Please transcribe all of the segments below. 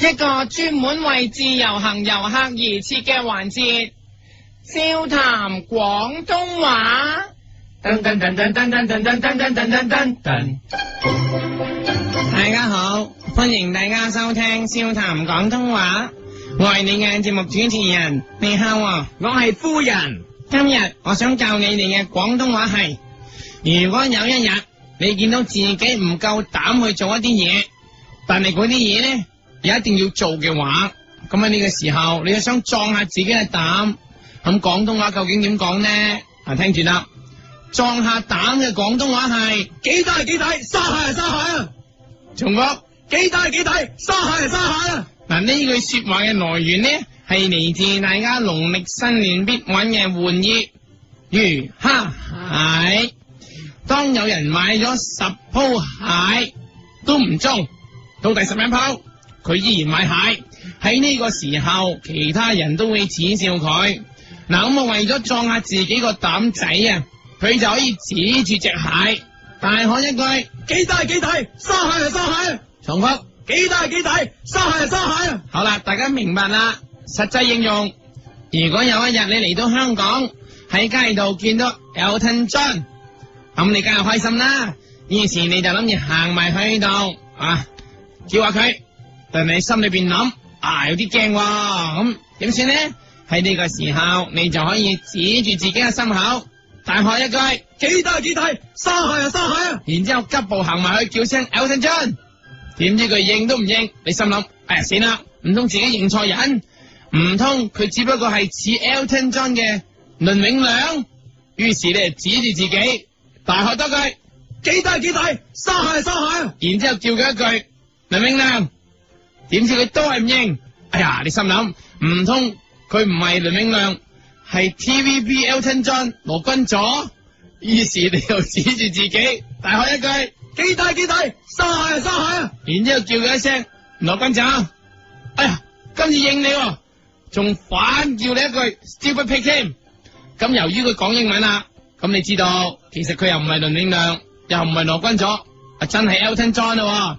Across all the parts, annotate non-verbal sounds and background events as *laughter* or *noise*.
一個專門為自由行遊客而設嘅環節，笑談廣東話。大家好，歡迎大家收聽笑談廣東話。我係你嘅節目主持人，背後我係夫人。今日我想教你哋嘅廣東話係：如果有一日你見到自己唔夠膽去做一啲嘢，但係嗰啲嘢呢。而一定要做嘅話，咁喺呢個時候，你又想撞下自己嘅膽，咁廣東話究竟點講呢？嗱，聽住啦，撞下膽嘅廣東話係幾大幾大沙蟹啊沙蟹啊，長哥國幾大幾大沙蟹啊沙蟹啊！嗱、啊，呢句說話嘅來源呢，係嚟自大家農曆新年必揾嘅玩意，魚蝦蟹。啊、當有人買咗十鋪蟹、啊、都唔中，到第十名鋪。佢依然買蟹，喺呢個時候，其他人都會恥笑佢。嗱，咁啊為咗壯下自己個膽仔啊，佢就可以指住隻蟹，大喊一句：幾大幾大？沙蟹啊，沙蟹！重複：幾大幾大？沙蟹啊，沙蟹！好啦，大家明白啦。實際應用，如果有一日你嚟到香港，喺街度見到 Elton John，咁你梗係開心啦。於是你就諗住行埋去呢度啊，叫下佢。但你心裏邊諗啊，有啲驚喎，咁點算呢？喺呢個時候，你就可以指住自己嘅心口，大喝一句：幾大幾大？沙蟹啊，沙蟹啊！然之後急步行埋去，叫聲 Elton John，點知佢應都唔應？你心諗誒，哎呀，算啦，唔通自己認錯人？唔通佢只不過係似 Elton John 嘅倫永亮？於是你就指住自己，大喝多句：幾大幾大？沙蟹啊，沙蟹啊！然之後叫佢一句倫永亮。點知佢都係唔應？哎呀，你心諗唔通，佢唔係倫永亮，係 TVB Elton John 羅君佐。於是你又指住自己，大喊一句：幾大幾大？沙蟹啊，沙蟹！下下，然之後叫佢一聲羅君佐，哎呀，今次應你，仲反叫你一句 Stupid Pig 添。咁由於佢講英文啦，咁你知道其實佢又唔係倫永亮，又唔係羅君佐，啊真係 Elton John 啦。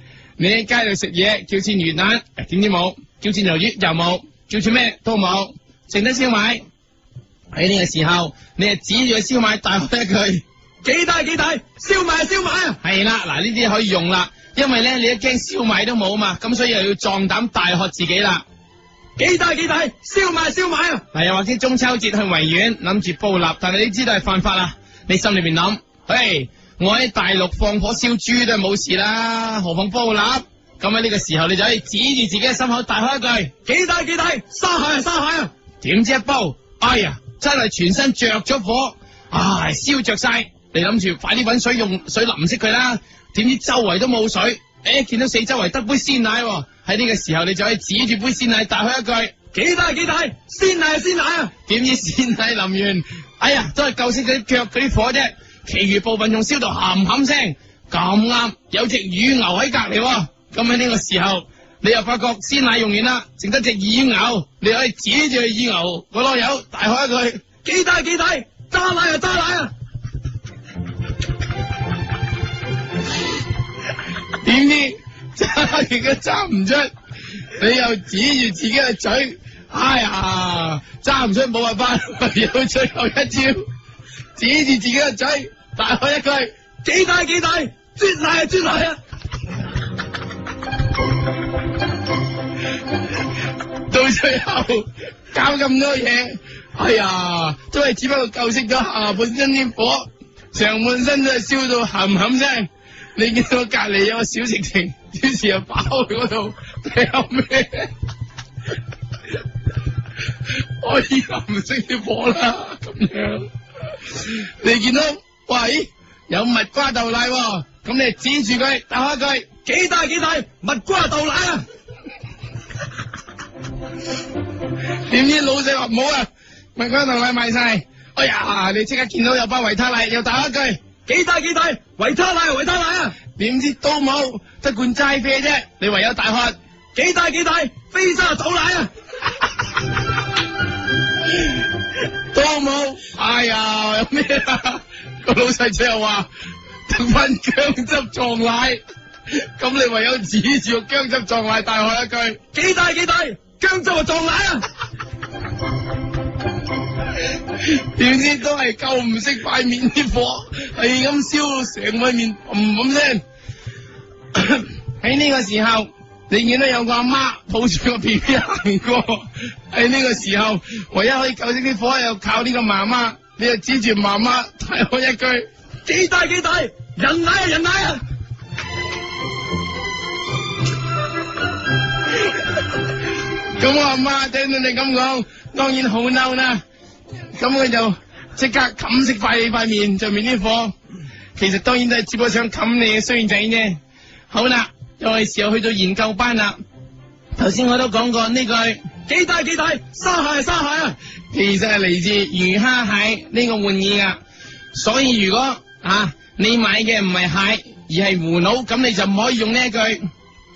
你喺街度食嘢，叫住魚蛋，點、哎、知冇？叫住魷魚又冇，叫住咩都冇，剩得燒賣。喺呢個時候，你啊指住個燒賣大喝一句：幾大幾大？燒賣燒賣啊！係啦，嗱呢啲可以用啦，因為咧你一驚燒賣都冇嘛，咁所以又要壯膽大喝自己啦。幾大幾大？燒賣燒賣啊！係啊，又或者中秋節去維園諗住煲蠟，但係你知道係犯法啊！你心裏面諗，嘿。我喺大陸放火燒豬都係冇事啦，何況煲蠟？咁喺呢個時候，你就可以指住自己嘅心口大喊一句：幾大幾大？下燒去下去！點、啊啊、知一煲，哎呀，真係全身着咗火，唉、啊，燒着晒。你諗住快啲搵水用水淋熄佢啦。點知周圍都冇水，誒、哎，見到四周圍得杯鮮奶喎、啊。喺呢個時候，你就可以指住杯鮮奶大喊一句：幾大幾大？鮮奶鮮、啊、奶、啊！點知鮮奶淋完，哎呀，都係救死咗啲腳嗰火啫。其餘部分，用燒到冚冚聲，咁啱有隻乳牛喺隔籬，咁喺呢個時候，你又發覺鮮奶用完啦，剩得隻乳牛，你可以指住隻乳牛、個囉柚大喊一句：幾大幾大，揸奶啊揸奶啊！點知揸而家揸唔出，你又指住自己嘅嘴，哎呀，揸唔出冇辦法，要最後一招。指住自己個仔，大喊一句：幾大幾大，啜晒！啊啜大啊！ *laughs* 到最後搞咁多嘢，哎呀，都係只不過救熄咗下半身啲火，上半身都係燒到冚冚聲。你見到隔籬有個小食情，於是又跑去嗰度踢咩？你有 *laughs* 我以後唔熄啲火啦，咁樣。你見到喂有蜜瓜豆奶、哦、咁、嗯、你指住佢打句幾大幾大蜜瓜豆奶啊？點 *laughs* 知老細話唔好啊，蜜瓜豆奶賣晒。哎呀，你即刻見到有包維他奶，又打句幾大幾大維他奶維他奶啊？點知都冇，得罐齋啡啫。你唯有大喝幾大幾大飛沙豆奶啊？好冇？哎呀，有咩？個 *laughs* 老細姐又話：得返 *laughs* 薑汁撞奶，咁 *laughs* 你唯有指住個薑汁撞奶大喊一句：幾大幾大？薑汁啊撞奶啊！點 *laughs* 知 *laughs* 都係救唔熄塊面啲火，係咁燒到成塊面唔唔聲。喺呢個時候。你見到都有個阿媽抱住個 B B 行過，喺 *laughs* 呢個時候，唯一可以救熄啲火又靠呢個媽媽，你就指住媽媽提我一句，幾大幾大，人奶啊人奶啊！咁 *laughs* *laughs* 我阿媽聽到你咁講，當然好嬲啦，咁佢就即刻冚熄塊塊面上面啲火，其實當然都係只不過想冚你嘅衰仔啫，好啦。又係時候去到研究班啦，頭先我都講過呢句幾大幾大沙蟹沙蟹啊，其實係嚟自魚蝦蟹呢個玩意啊，所以如果你啊你買嘅唔係蟹而係葫蘆，咁你就唔可以用呢一句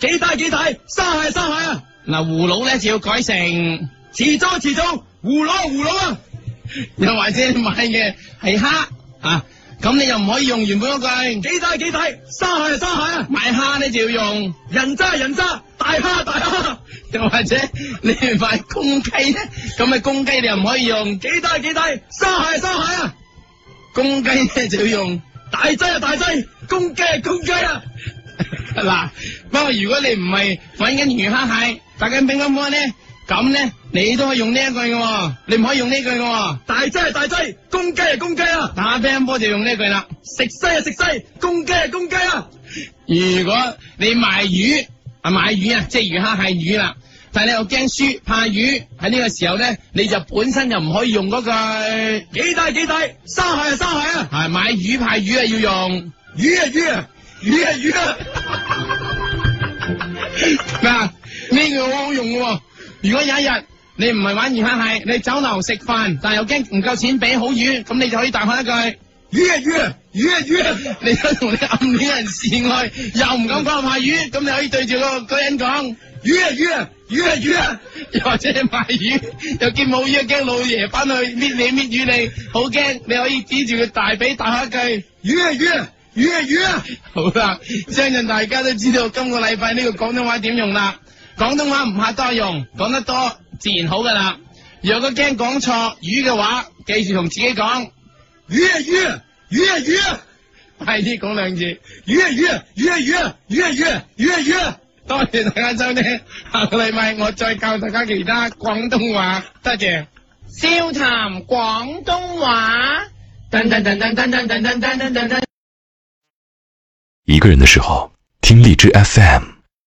幾大幾大沙蟹沙蟹啊，嗱葫蘆咧就要改成遲早遲早葫蘆葫蘆啊，又 *laughs* 或者你買嘅係蝦啊。咁你又唔可以用原本嗰句，幾大幾大，沙蟹啊沙蟹啊。買蝦咧就要用人渣人渣，大蝦大蝦。又或者你買公雞咧，咁啊公雞你又唔可以用，幾大幾大，沙蟹啊沙蟹啊。公雞咧就要用大劑啊大劑，公雞啊公雞啊！嗱，不過 *laughs* 如果你唔係搵緊魚蝦蟹，打緊乒乓波咧，咁咧。你都可以用呢一句嘅，你唔可以用呢句嘅。大劑係大劑，公雞係公雞啊！打乒乓波就用呢句啦。食西係、啊、食西！公雞係公雞啊！如果你賣魚，魚啊，賣、就是、魚啊，即係魚蝦係魚啦，但係你又驚輸怕魚，喺呢個時候咧，你就本身就唔可以用嗰句幾大幾大，沙蟹係沙蟹啊！係買魚，買魚、啊、怕魚啊，要用魚啊魚啊，魚啊魚啊。嗱、啊，呢句好好用嘅。如果有一日，你唔係玩魚蝦蟹，你酒樓食飯，但係又驚唔夠錢俾好魚，咁你就可以大喊一句魚啊魚啊魚啊魚啊！你想同你暗戀人示愛，又唔敢翻下魚，咁你可以對住個嗰人講魚啊魚啊魚啊魚啊！魚啊你，你又或者賣魚又見冇魚，驚老爺翻去搣你搣魚，你好驚，你可以指住佢大髀大喊一句魚啊魚啊魚啊魚啊！魚啊魚啊，好啦，相信大家都知道今個禮拜呢個廣東話點用啦，廣東話唔怕多用，講得多。自然好噶啦，若果驚講錯語嘅話，記住同自己講語啊語啊語啊語啊，快啲講兩句語啊語啊語啊語啊語啊語啊語啊，多謝大家收聽，下個禮拜我再教大家其他廣東話，多謝笑談廣東話。等等等等等等。一個人嘅時候，聽荔枝 FM。